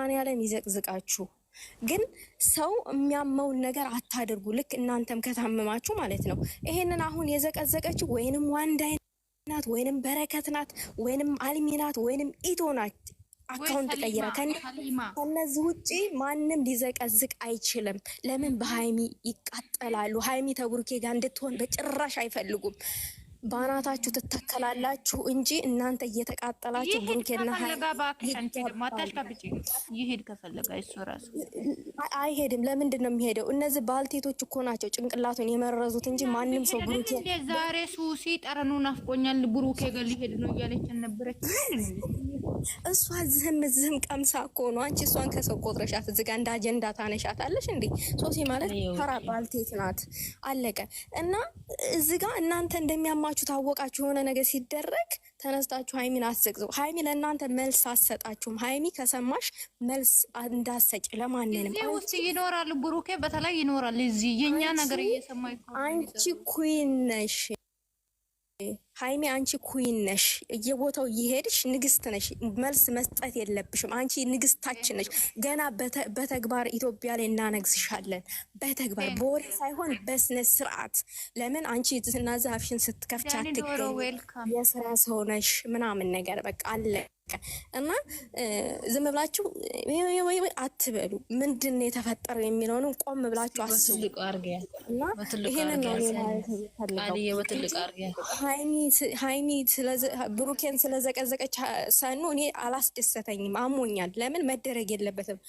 መድኃኔ ዓለም ይዘቅዝቃችሁ። ግን ሰው የሚያመውን ነገር አታድርጉ። ልክ እናንተም ከታመማችሁ ማለት ነው። ይሄንን አሁን የዘቀዘቀችው ወይንም ዋንዳይ ናት ወይንም በረከት ናት ወይንም አልሚ ናት ወይንም ኢቶ ናት አካውንት ቀይረ ከነዚህ ውጭ ማንም ሊዘቀዝቅ አይችልም። ለምን? በሀይሚ ይቃጠላሉ። ሀይሚ ተቡርኬ ጋር እንድትሆን በጭራሽ አይፈልጉም። ባናታችሁ ትተከላላችሁ እንጂ እናንተ እየተቃጠላችሁ ብሩኬና አይሄድም። ለምንድን ነው የሚሄደው? እነዚህ ባልቴቶች እኮ ናቸው ጭንቅላቱን የመረዙት እንጂ ማንም ሰው ብሩኬ ዛሬ ሱሲ ጠረኑ ናፍቆኛል ብሩኬ ጋር ሊሄድ ነው እያለች ነበረች። እሷ ዝህም ዝህም ቀምሳ እኮ ነው። አንቺ እሷን ከሰው ቆጥረሻት እዚህ ጋር እንደ አጀንዳ ታነሻታለሽ እንዴ? ሶሲ ማለት ተራ ባልቴት ናት። አለቀ እና እዚህ ጋር እናንተ እንደሚያማ ሁለታችሁ ታወቃችሁ የሆነ ነገር ሲደረግ ተነስታችሁ ሀይሚን አትዘቅዝቁ። ሀይሚ ለእናንተ መልስ አትሰጣችሁም። ሀይሚ ከሰማሽ መልስ እንዳትሰጭ ለማንንም። ውስጥ ይኖራል፣ ብሩኬ በተለይ ይኖራል። እዚህ የእኛ ነገር እየሰማ አንቺ ኩይን ነሽ ሀይሜ አንቺ ኩይን ነሽ፣ እየቦታው እየሄድሽ ንግስት ነሽ። መልስ መስጠት የለብሽም። አንቺ ንግስታችን ነሽ። ገና በተግባር ኢትዮጵያ ላይ እናነግስሻለን። በተግባር በወሬ ሳይሆን በስነ ስርዓት። ለምን አንቺ ትናዛፍሽን ስትከፍቻ ትገኝ የስራ ሰው ነሽ ምናምን ነገር በቃ አለ እና ዝም ብላችሁ አትበሉ። ምንድን ነው የተፈጠረው የሚለውንም ቆም ብላችሁ አስቡ። ሀይሚ ብሩኬን ስለዘቀዘቀች ሰኑ እኔ አላስደሰተኝም፣ አሞኛል። ለምን መደረግ የለበትም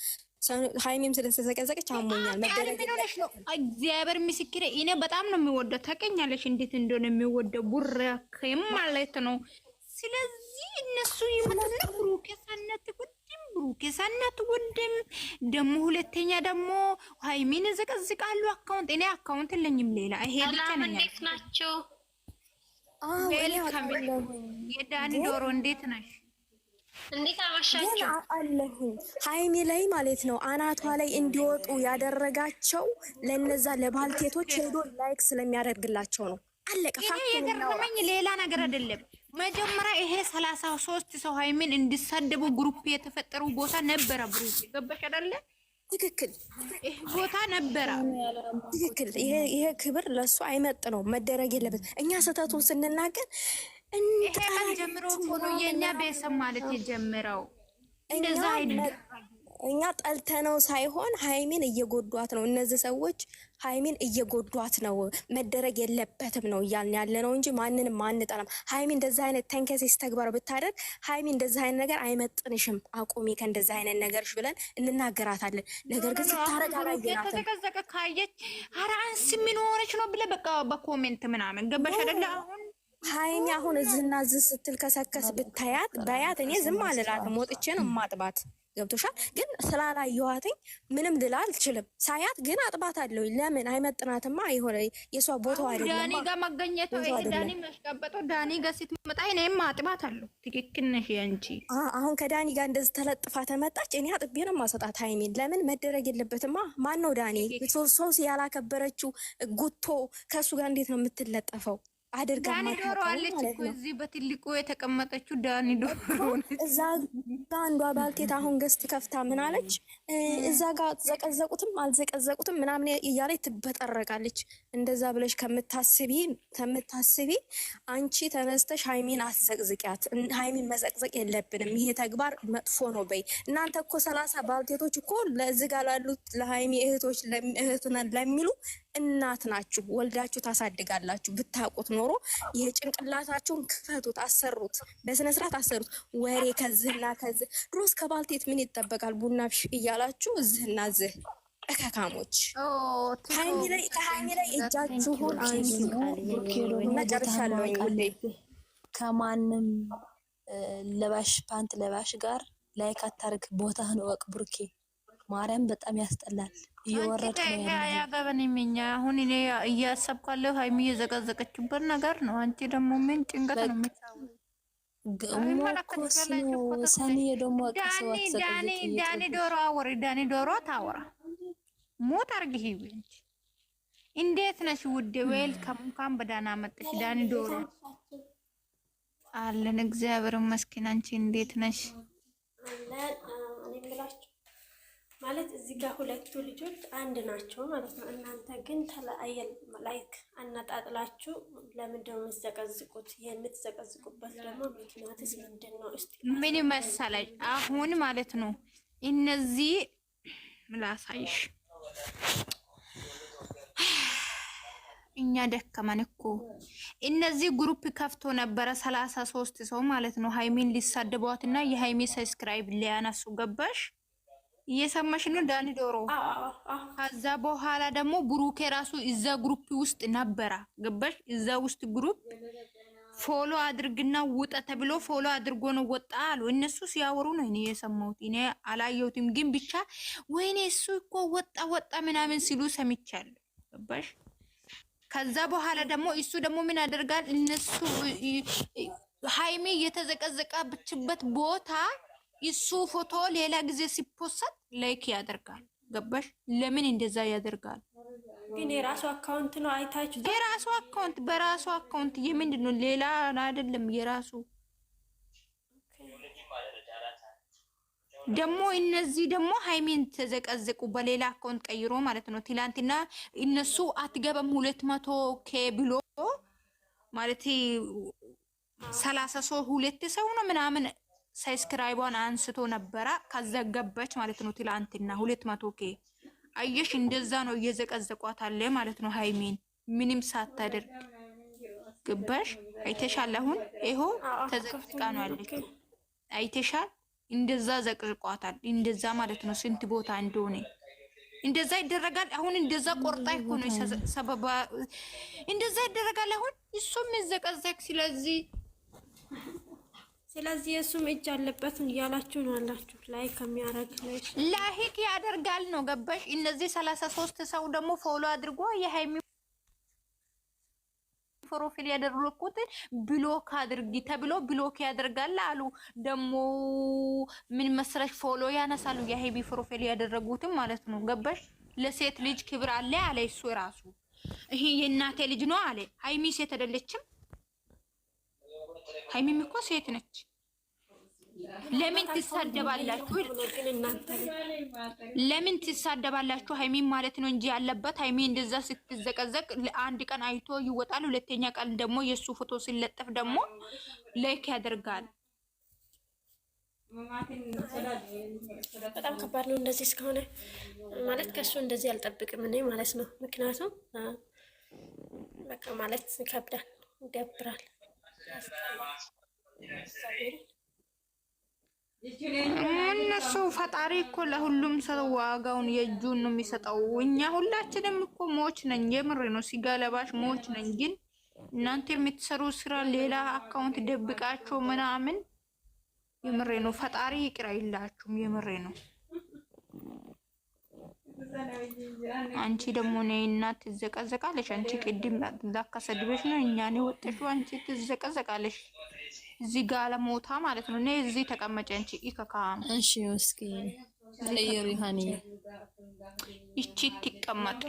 ሀይሚም ስለተዘቀዘቀች አሞኛል። መደረግ ነው። እግዚአብሔር ምስክሬ፣ እኔ በጣም ነው የሚወደው። ታውቂኛለሽ እንዴት እንደሆነ የሚወደው ቡራ ማለት ነው ስለዚህ እነሱ ይመትና ብሩክ የሳነት ወንድም ብሩክ የሳነት ወንድም ደግሞ ሁለተኛ ደግሞ ሃይሚን ዘቀዝቃሉ። አካውንት እኔ አካውንት ለኝም ሌላ ይሄ ብቻ ነው። እንዴት ናቸው? የዳኒ ዶሮ እንዴት ነሽ? እንዴት አመሻችሁ? አለሁኝ ሃይሚ ላይ ማለት ነው አናቷ ላይ እንዲወጡ ያደረጋቸው ለነዛ ለባልቴቶች ሄዶ ላይክ ስለሚያደርግላቸው ነው። አለቀ። ፋክት የገረመኝ ሌላ ነገር አይደለም። መጀመሪያ ይሄ ሰላሳ ሶስት ሰው ሀይሚን እንዲሳደቡ ግሩፕ የተፈጠሩ ቦታ ነበረ። ብሩ ገባሽ አይደለ? ትክክል። ይሄ ቦታ ነበረ። ትክክል። ይሄ ክብር ለእሱ አይመጥ ነው መደረግ የለበት። እኛ ስህተቱን ስንናገር ይሄ ቀን ጀምሮ ሆኖ የእኛ ቤተሰብ ማለት የጀምረው እንደዛ አይደለም። እኛ ጠልተነው ሳይሆን ሀይሚን እየጎዷት ነው። እነዚህ ሰዎች ሀይሚን እየጎዷት ነው፣ መደረግ የለበትም ነው እያልን ያለ ነው እንጂ ማንንም አንጠላም። ሀይሚ እንደዚህ አይነት ተንከሴስ ተግባር ብታደርግ ሀይሚ እንደዚህ አይነት ነገር አይመጥንሽም፣ አቁሚ ከእንደዚህ አይነት ነገርሽ ብለን እንናገራታለን። ነገር ግን ስታረግ ተዘቀዘቀ ካየች ኧረ አንስ ምን ሆነች ነው ብለህ በቃ በኮሜንት ምናምን ገባሽ አይደለ አሁን ሀይሚ አሁን እዝህና እዝህ ስትል ከሰከስ ብታያት በያት እኔ ዝም አልላትም፣ ወጥቼ ነው ማጥባት ገብቶሻል። ግን ስላላየኋትኝ ምንም ልል አልችልም። ሳያት ግን አጥባት አለው። ለምን አይመጥናትማ። የሆነ የእሷ ቦታው አይደለም። ዳኒ ጋር መገኘቷ ዳኒ ያሽቀበጠው ዳኒ ጋር ስትመጣ እኔም አጥባታለሁ። ትክክል ነሽ አንቺ። አሁን ከዳኒ ጋር እንደዚህ ተለጥፋ ተመጣች። እኔ አጥቤ ነው የማሰጣት ሃይሜን። ለምን መደረግ የለበትማ። ማን ነው ዳኒ? ሶስ ያላከበረችው ጉቶ ከእሱ ጋር እንዴት ነው የምትለጠፈው? አድርጋ ዳኒ ዶሮ አለች እኮ እዚህ በትልቁ የተቀመጠችው ዳኒ ዶሮ እዛ ጋ አንዷ ባልቴት አሁን ገስት ከፍታ ምን አለች፣ እዛ ጋ ዘቀዘቁትም አልዘቀዘቁትም ምናምን እያለች ትበጠረቃለች። እንደዛ ብለሽ ከምታስቢ ከምታስቢ አንቺ ተነስተሽ ሀይሚን አትዘቅዝቂያት። ሀይሚን መዘቅዘቅ የለብንም ይሄ ተግባር መጥፎ ነው በይ። እናንተ እኮ ሰላሳ ባልቴቶች እኮ ለዚህ ጋ ላሉት ለሀይሚ እህቶች እህትነን ለሚሉ እናት ናችሁ፣ ወልዳችሁ ታሳድጋላችሁ። ብታውቁት ኖሮ ይሄ ጭንቅላታችሁን ክፈቱት፣ አሰሩት፣ ስርዓት አሰሩት። ወሬ ከዝህና ከዝህ ድሮስ ከባልቴት ምን ይጠበቃል? ቡና እያላችሁ ዝህና ዝህ እከካሞች ከሀይሚ ላይ እጃችሁን አንሱ። መጨረሻለኝ ሁሌ ከማንም ለባሽ ፓንት ለባሽ ጋር ላይ አታርግ፣ ቦታህን ወቅ ቡርኬ ማርያም በጣም ያስጠላል። እየወረደ ያገበን የሚኛ አሁን እኔ እያሰብኳለሁ ሀይሚ እየዘቀዘቀችበት ነገር ነው። አንቺ ደግሞ ምን ጭንቀት ነው ሰኒ ዳኒ ዶሮ አወሪ ዳኒ ዶሮ ታወራ ሞት አርግ ሂብ እንጂ እንዴት ነሽ ውዴ? ወይል ከሙካን በዳና መጥሽ ዳኒ ዶሮ አለን እግዚአብሔር መስኪን። አንቺ እንዴት ነሽ? ማለት እዚህ ጋር ሁለቱ ልጆች አንድ ናቸው ማለት ነው። እናንተ ግን ላይክ አናጣጥላችሁ ለምንድነው የምትዘቀዝቁት? የምትዘቀዝቁበት ደግሞ ምክንያትስ ምንድን ነው? እስኪ ምን መሰለሽ አሁን ማለት ነው እነዚህ ምላሳይሽ እኛ ደከመን እኮ እነዚህ ግሩፕ ከፍቶ ነበረ ሰላሳ ሶስት ሰው ማለት ነው ሀይሚን ሊሳደቧትና የሀይሚ ሰብስክራይብ ሊያነሱ ገባሽ እየሰማሽ ነው ዳኒ ዶሮ። ከዛ በኋላ ደግሞ ብሩኬ ራሱ እዛ ግሩፕ ውስጥ ነበረ። ገባሽ? እዛ ውስጥ ግሩፕ ፎሎ አድርግና ውጣ ተብሎ ፎሎ አድርጎ ነው ወጣ አሉ። እነሱ ሲያወሩ ነው እኔ የሰማሁት። እኔ አላየሁትም፣ ግን ብቻ ወይኔ እሱ እኮ ወጣ ወጣ ምናምን ሲሉ ሰምቻለሁ። ገባሽ? ከዛ በኋላ ደግሞ እሱ ደግሞ ምን ያደርጋል እነሱ ሃይሜ የተዘቀዘቀችበት ቦታ እሱ ፎቶ ሌላ ጊዜ ሲፖሰት ላይክ ያደርጋል። ገባሽ? ለምን እንደዛ ያደርጋል? ግን የራሱ አካውንት ነው። አይታችሁ የራሱ አካውንት በራሱ አካውንት የምንድን ነው? ሌላ አይደለም የራሱ ደግሞ እነዚህ ደግሞ ሃይሚን ተዘቀዘቁ በሌላ አካውንት ቀይሮ ማለት ነው። ትላንትና እነሱ አትገባም ሁለት መቶ ኬ ብሎ ማለት ሰላሳ ሰው ሁለት ሰው ነው ምናምን ሰብስክራይቧን አንስቶ ነበረ ካዘገበች ማለት ነው። ትላንትና ሁለት መቶ ኬ አየሽ፣ እንደዛ ነው እየዘቀዘቋት አለ ማለት ነው። ሃይሚን ምንም ሳታደርግ ግበሽ አይተሻል? አሁን ይሄ ተዘቅዝቃ ነው አለች። አይተሻል? እንደዛ ዘቅዝቋታል። እንደዛ ማለት ነው። ስንት ቦታ እንደሆነ እንደዛ ይደረጋል። አሁን እንደዛ ቆርጣ እኮ ነው ሰበባ። እንደዛ ይደረጋል። አሁን እሱም ይዘቀዘቅ ስለዚህ ስለዚህ የእሱም እጅ አለበት እያላችሁ ነው አላችሁ። ላይ ከሚያደርግ ላይክ ያደርጋል ነው ገባሽ? እነዚህ ሰላሳ ሶስት ሰው ደግሞ ፎሎ አድርጎ የሀይሚ ፕሮፊል ያደረኩትን ብሎክ አድርጊ ተብሎ ብሎክ ያደርጋል አሉ። ደግሞ ምን መሰለሽ ፎሎ ያነሳሉ የሀይሚ ፕሮፊል ያደረጉትን ማለት ነው ገባሽ? ለሴት ልጅ ክብር አለ አለ እሱ ራሱ ይሄ የእናቴ ልጅ ነው አለ ሃይሚ ሴት አይደለችም። ሀይሚም እኮ ሴት ነች። ለምን ትሳደባላችሁ? ለምን ትሳደባላችሁ? ሀይሚን ማለት ነው እንጂ ያለበት ሀይሚ እንደዛ ስትዘቀዘቅ አንድ ቀን አይቶ ይወጣል። ሁለተኛ ቀን ደግሞ የእሱ ፎቶ ሲለጠፍ ደግሞ ላይክ ያደርጋል። በጣም ከባድ ነው እንደዚህ እስከሆነ ማለት ከእሱ እንደዚህ አልጠብቅም እኔ ማለት ነው። ምክንያቱም በቃ ማለት ይከብዳል፣ ይደብራል። እነሱ ፈጣሪ እኮ ለሁሉም ሰው ዋጋውን የእጁን ነው የሚሰጠው። እኛ ሁላችንም እኮ ሞች ነኝ፣ የምሬ ነው ስጋ ለባሽ ሞች ነኝ። ግን እናንተ የምትሰሩ ስራ ሌላ አካውንት ደብቃቸው ምናምን፣ የምሬ ነው ፈጣሪ ይቅር አይላችሁም፣ የምሬ ነው። አንቺ ደግሞ እና ትዘቀዘቃለሽ። አንቺ ቅድም ላካ ሰድበሽ ነው እኛ እኛን ወጥሽ። አንቺ ትዘቀዘቃለሽ እዚህ ጋ ለሞታ ማለት ነው። እኔ እዚህ ተቀመጪ አንቺ ኢከካም። እሺ እስኪ ለየሩ ይሃኒ እቺ ትቀመጥ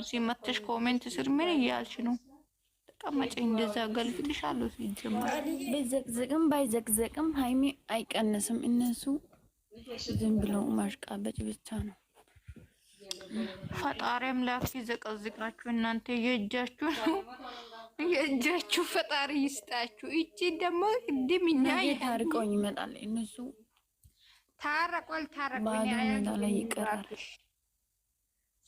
እዚህ መተሽ ኮሜንት ስር ምን እያልሽ ነው? ተቀመጪ። እንደዛ ገልብጥሻለሁ። ሲጀምር በዘቅዘቅም ባይዘቅዘቅም ሃይሚ አይቀንስም እነሱ ዝም ብሎ ማሽቃበጭ ብቻ ነው። ፈጣሪም ላፊ ዘቀዝቃችሁ እናንተ የእጃችሁ ነው የእጃችሁ ፈጣሪ ይስጣችሁ። እቺ ደግሞ ድምኛ እኛ ታርቀውኝ ይመጣል እነሱ ታረቋል ታረቁኝ ላይ ይቀራል።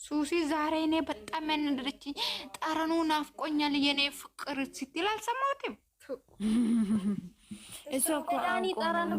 ሱሲ ዛሬ እኔ በጣም ያናደረችኝ ጠረኑ ናፍቆኛል የኔ ፍቅር ስትል አልሰማሁትም። እሷ እኮ ጠረኑ ነው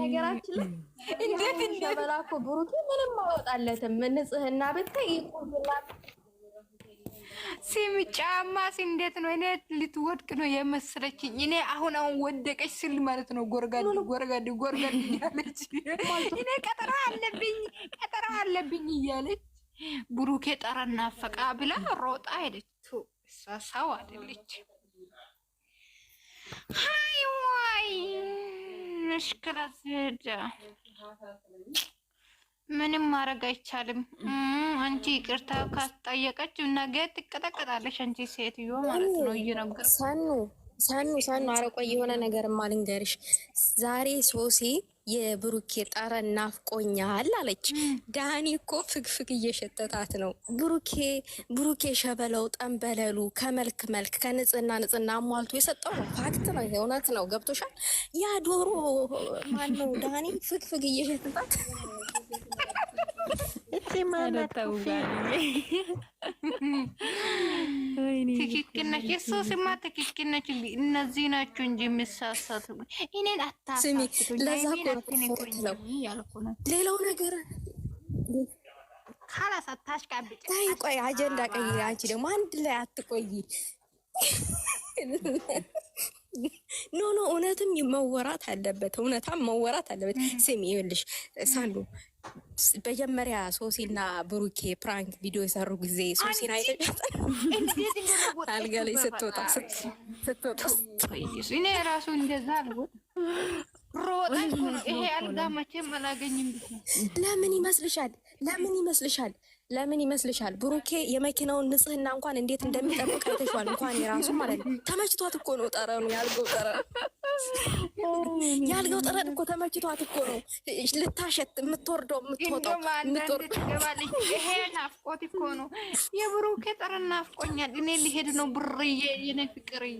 ነገራችን ላይ እንዴት እንደበላ እኮ ብሩኬ ምንም አወጣለትም። ንጽህና ብታይ ይቆላል። ሲም ጫማስ እንዴት ነው? እኔ ልትወድቅ ነው የመሰለችኝ። እኔ አሁን አሁን ወደቀች ስል ማለት ነው ጎርጋድ ጎርጋድ ጎርጋድ እያለች እኔ ቀጠራ አለብኝ ቀጠራ አለብኝ እያለች ብሩኬ ጠረና ፈቃ ብላ ሮጣ ሄደች። እሷ ሰው አይደለች። ሀይ ዋይ ትንሽ ክላስ ሄደ። ምንም ማድረግ አይቻልም። አንቺ ይቅርታ ካስጠየቀች ነገ ትቀጠቀጣለሽ። አንቺ ሴትዮ ማለት ነው እየነገርኩ ሳኑ ሳኑ ሳኑ አረቆ የሆነ ነገር ማልንገርሽ ዛሬ ሶሲ የብሩኬ ጠረን ናፍቆኛል አለች። ዳኒ እኮ ፍግፍግ እየሸተታት ነው። ብሩኬ ብሩኬ ሸበለው ጠንበለሉ ከመልክ መልክ ከንጽህና ንጽህና አሟልቶ የሰጠው ነው። ፋክት ነው፣ እውነት ነው። ገብቶሻል። ያ ዶሮ ማነው ዳኒ ፍግፍግ እየሸተታት ትክክል ነች። እሱ ስማ ትክክል ነች። እነዚህ ናቸው እንጂ የሚሳሳቱ እኔን ሌላው ነገር ካላስ አታሽቃብጭ። ቆይ አጀንዳ ቀይ። አንቺ ደግሞ አንድ ላይ አትቆይ ኖ ኖ እውነትም መወራት አለበት፣ እውነታም መወራት አለበት። ስሚ ይኸውልሽ ሳንዱ መጀመሪያ ሶሲና ብሩኬ ፕራንክ ቪዲዮ የሰሩ ጊዜ ሶሲን አልጋ ላይ ስትወጣ ስትወጣ እኔ ራሱ እንደዛ አልወጣም ሮጣ ይሄ አልጋ መቼም አላገኝም። ለምን ይመስልሻል? ለምን ይመስልሻል? ለምን ይመስልሻል? ብሩኬ የመኪናውን ንጽህና እንኳን እንዴት እንደሚጠብቅ አይተሽዋል። እንኳን የራሱ ማለት ነው። ተመችቷት እኮ ነው ጠረኑ፣ ያልገው ጠረን ያልገው ጠረን እኮ ተመችቷት እኮ ነው ልታሸት የምትወርደው የምትወጣው ይሄ ናፍቆት እኮ ነው። የብሩኬ ጠረን ናፍቆኛል። እኔ ሊሄድ ነው ብርዬ፣ የኔ ፍቅርዬ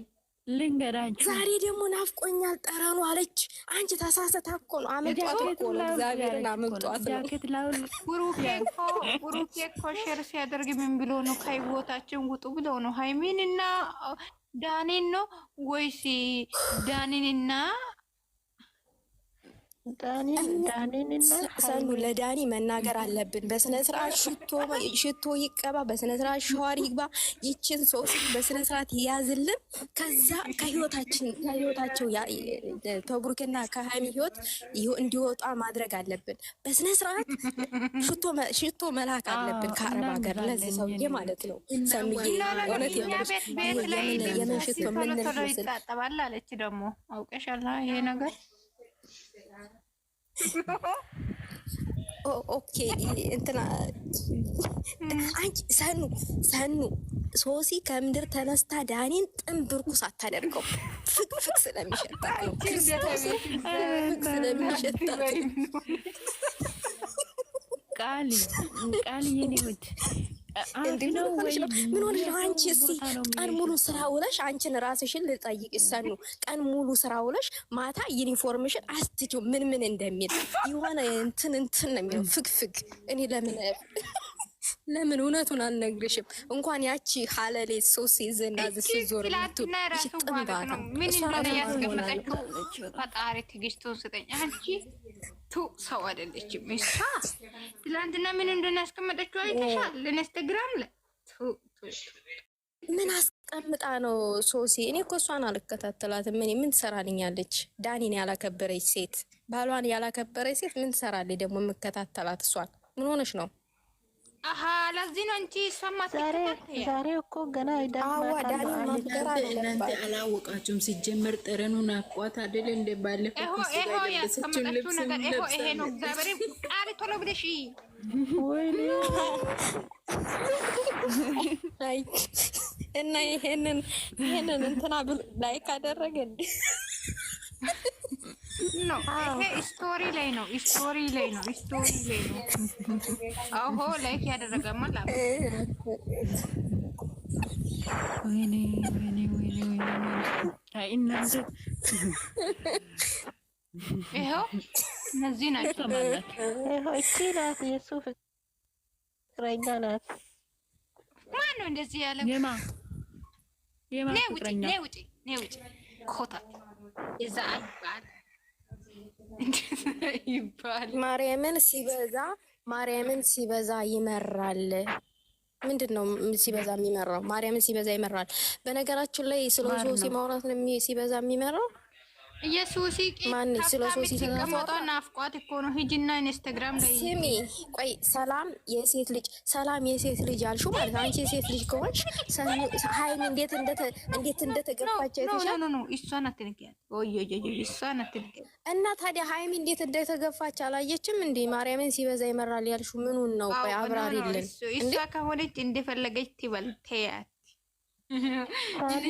ልንገራችሁ ዛሬ ደግሞ ናፍቆኛል ጠረኑ አለች። አንቺ ተሳሰታ እኮ ነው። አመጧት እኮ ነው። እግዚአብሔርን አመጧት ነው። ብሩኬ እኮ ሼር ሲያደርግ ምን ብሎ ነው? ከህይወታችን ውጡ ብሎ ነው። ሃይሚንና ዳኒን ነው ወይስ ዳኒንና ሰኑ ለዳኒ መናገር አለብን። በስነስርዓት ሽቶ ይቀባ፣ በስነስርዓት ሸዋር ይግባ። ይችን ሶስት በስነስርዓት ይያዝልን። ከዛ ከህይወታችን ከህይወታቸው ከብሩክና ከሀሚ ህይወት እንዲወጣ ማድረግ አለብን። በስነስርዓት ሽቶ መላክ አለብን ከአረብ ሀገር ለዚህ ሰውዬ ማለት ነው። ሰኑዬ እውነት የምን ሽቶ የምንል ስል አለች ደግሞ አውቀሻላ ይሄ ነገር ኦኬ እንትና አንቺ ሰኑ ሰኑ ሶሲ ከምድር ተነስታ ዳኔን ጥንብርኩስ ሳታደርገው ፍቅፍቅ ስለሚሸጣት ነው። ቃል ቃል የኔ ውድ ምን ሆነሽ ነው አንቺ? እስቲ ቀን ሙሉ ስራ ውለሽ አንቺን ራስሽን ልጠይቅ ይሰን ነው። ቀን ሙሉ ስራ ውለሽ ማታ ዩኒፎርምሽን አስትጁ ምን ምን እንደሚል የሆነ እንትን እንትን ነው የሚለው ፍግፍግ እኔ ለምን ለምን እውነቱን አልነግርሽም? እንኳን ያቺ ሀለሌ ሶስት የዘና ዝ ዞር ፈጣሪ ትግስቱን ስጠኝ። አንቺ ቱ ሰው አይደለችም። እሷ ትላንትና ምን እንደሆነ ያስቀመጠችው አይተሻል? ኢንስታግራም ላይ ምን አስቀምጣ ነው ሶሲ? እኔ እኮ እሷን አልከታተላትም። እኔ ምን ትሰራልኛለች? ዳኒን ያላከበረች ሴት፣ ባሏን ያላከበረች ሴት ምን ትሰራለች? ደግሞ የምከታተላት እሷን ምን ሆነች ነው ለዚህ ነው እንጂ ዛሬ እኮ ገና እናንተ አላወቃችሁም። ሲጀመር ጠረኑን አቋት አደለ እንደ ባለፈው ቶሎ ብለሽ ይሄንን እንትና ላይክ አደረገ ስቶሪ ላይ ነው። ስቶሪ ላይ ነው። ስቶሪ ላይ ነው። አዎ ላይክ ያደረገማ ወይኔ ወይኔ ወይኔ እናንተ ይኸው እነዚህ ናቸው እቺ ናት የእሱ ፍቅረኛ ናት። ማን ነው እንደዚህ ያለ? የማ የማ ፍቅረኛ ነይ ውጪ፣ ነይ ውጪ ኮታ የዛ አይ ይባል ማርያምን ሲበዛ ማርያምን ሲበዛ ይመራል። ምንድን ነው ሲበዛ የሚመራው? ማርያምን ሲበዛ ይመራል። በነገራችን ላይ ስለ ሶሲ ማውራት ሲበዛ የሚመራው የሱሲ ማን ስለ ተናፋጣ ናፍቋት እኮ ነው። ሂጂና ኢንስታግራም ላይ ስሚ፣ ቆይ ሰላም የሴት ልጅ ሰላም የሴት ልጅ ማለት አንቺ የሴት ልጅ ከሆንሽ እንዴት እንደተ እንዴት እንደተገፋች አይተሻል? ኖ ኖ እሷን እሷን እና ታዲያ ሃይሚ እንዴት እንደተገፋች አላየችም እንዴ? ማርያምን ሲበዛ ይመራል ምኑን ነው? ቆይ አብራሪልን። እሷ ከሆነች እንደፈለገች ትበል ተያት። እኔ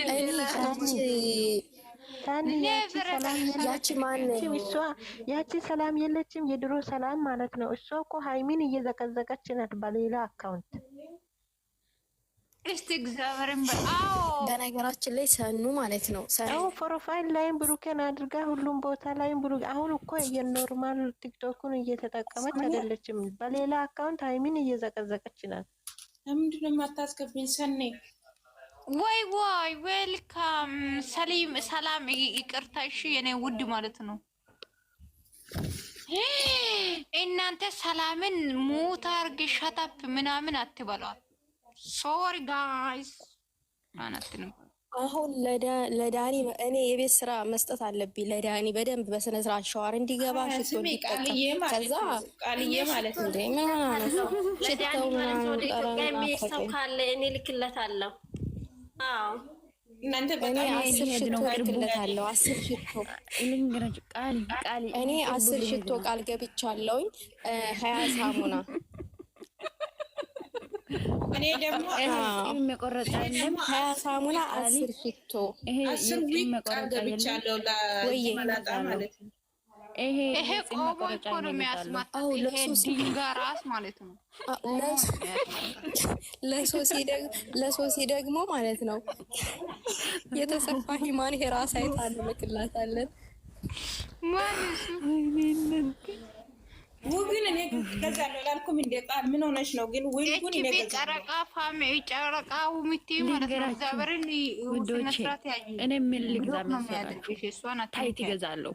ያቺ ማነው እሷ? ያቺ ሰላም የለችም፣ የድሮ ሰላም ማለት ነው። እሷ እኮ ሀይሚን እየዘቀዘቀች ናት በሌላ አካውንት። እስቲ እግዚአብሔርን በአዎ። በነገራችን ላይ ሰኑ ማለት ነው ሰኑ ፕሮፋይል ላይም ብሩኬን አድርጋ ሁሉም ቦታ ላይም ብሩ አሁን እኮ የኖርማል ቲክቶክን እየተጠቀመች አይደለችም፣ በሌላ አካውንት ሀይሚን እየዘቀዘቀች ናት። ለምንድነው የማታስገብኝ ሰኔ? ወይ ወይ ዌልካም ሰሊም ሰላም፣ ይቅርታ እሺ፣ የኔ ውድ ማለት ነው። እናንተ ሰላምን ሙት አርግ ሸታፕ ምናምን አትበሏል። ሶሪ ጋይስ ማለት ነው። አሁን ለዳኒ እኔ የቤት ስራ መስጠት አለብኝ። ለዳኒ በደንብ በስነ ስርዓት ሸዋር እንዲገባ ሽቶ እንዲጠቀም ከዛ ቃልዬ ማለት ነው። ሽቶ ማለት ሰው ካለ እኔ ልክለት አለው እኔ አስር ሽቶ ገብለታለሁ። አስር ሽቶ እኔ አስር ሽቶ ቃል ገብቻለሁኝ። ሀያ ሳሙና እኔ ደግሞ ሀያ ሳሙና አስር ሽቶ ይሄ ቆቦ እኮ ነው የሚያስማታው። ይሄ ድንጋይ ራስ ማለት ነው። ለሶሲ ደግሞ ማለት ነው የተሰፋ ሂማን የራስ አይታ እንልክላታለን። ውግን እኔ ላልኩም እንደ ቃል ምን ሆነች ነው ግን ጨረቃ ፋሚ ጨረቃ ማለት ነው። እግዚአብሔርን ስነስርዓት ያዩ እኔ ምን ልግዛ መሰላችሁ? ታይት ይገዛለሁ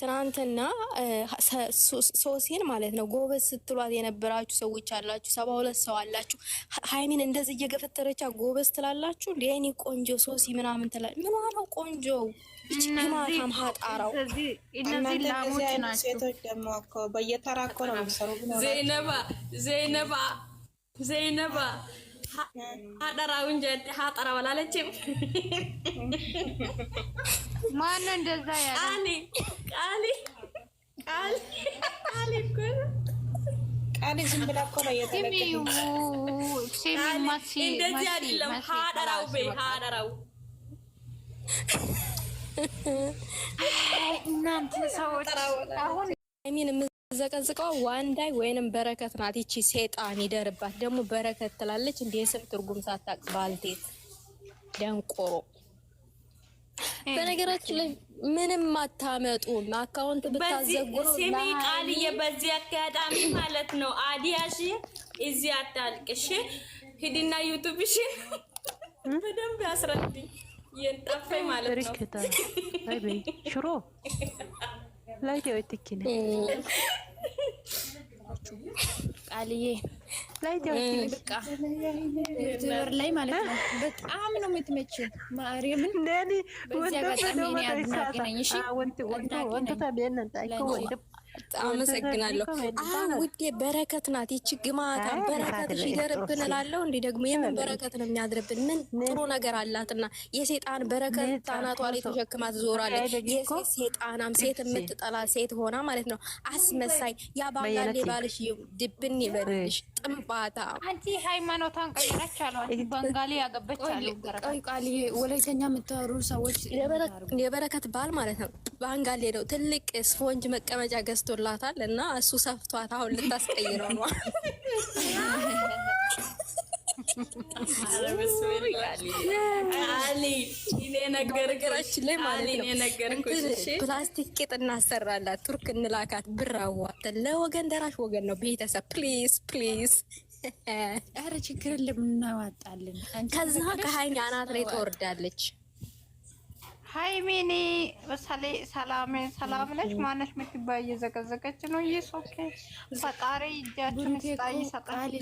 ትናንትና ሶሴን ማለት ነው ጎበዝ ስትሏት የነበራችሁ ሰዎች አላችሁ። ሰባ ሁለት ሰው አላችሁ። ሀይሚን እንደዚህ እየገፈተረቻ ጎበዝ ትላላችሁ። ሌኒ ቆንጆ ሶሲ ምናምን ትላ ምኗ ነው ቆንጆ ማታም ሀጣራው ሴቶች ደግሞ እኮ በየተራ እኮ ነው ዜነባ ዜነባ ዜነባ ሀጠራው እንጂ ሀጠራ አላለችም። ማነው እንደዛ ያለ? ቃሊ ቃሊ ቃሊ ቃሊ እኮ ቃሊ ዝም ብላ እኮ ነው የተለቀቀው። እንደዚህ አይደለም። ሀጠራው ቤ ሀጠራው እናንተ ሰዎች አሁን ዘቀዝቀው ዋንዳይ ወይንም በረከት ናት። ይቺ ሴጣን ይደርባት። ደግሞ በረከት ትላለች። እንደ የስም ትርጉም ሳታቅ ባልቴት ደንቆሮ። በነገራችን ላይ ምንም አታመጡም። አካውንት ብታዘጉ ስሚ ቃልዬ፣ በዚህ አጋጣሚ ማለት ነው አዲያሽ እዚህ አታልቅሽ። ሂድና ዩቱብሽን በደንብ ያስረድኝ። የንጠፋ ማለት ነው ሽሮ ላይቴ ወይ ትኪነ ቃልዬ ላይቴ ወይ በቃ ትወር ላይ ማለት ነው። በጣም ነው የምትመጪው ማርያምን ነኒ ወንደ ወንደ ወንደ ወንደ ወንደ ወንደ ወንደ ወንደ ወንደ ወንደ አመሰግናለሁ። ውዴ በረከት ናት ይቺ ግማታ። በረከት ይደርብን እላለሁ። እንዲህ ደግሞ የምን በረከት ነው የሚያድርብን? ምን ጥሩ ነገር አላትና የሴጣን በረከት ጣናቷ ላይ ተሸክማ ትዞራለች። ሴጣናም ሴት የምትጠላ ሴት ሆና ማለት ነው። አስመሳይ ያ ባልሽ ድብን ይበልሽ ጥምባታ አንቺ ሃይማኖቷን ቀይራች አለ ባንጋሌ ያገበች አለ ወላይተኛ የምታወሩ ሰዎች የበረከት ባል ማለት ነው በአንጋሌ ነው ትልቅ ስፖንጅ መቀመጫ ገዝቶላታል እና እሱ ሰፍቷት አሁን ልታስቀይረው ነው። ነገራችን ፕላስቲክ ቂጥ እናሰራላት፣ ቱርክ እንላካት፣ ብር አዋተን። ለወገን ደራሽ ወገን ነው ቤተሰብ። ፕሊዝ ፕሊዝ ኧረ ችግር ልምናዋጣልን። ከዛ ከሀይኛ አናት ላይ ትወርዳለች። ሀይሚኒ በሳሌ ሰላሜን ሰላም ነሽ ማነሽ የምትባይ እየዘቀዘቀች ነው። ይስ ኦኬ ፈጣሪ እጃችን ስጣይ ይሰጣል።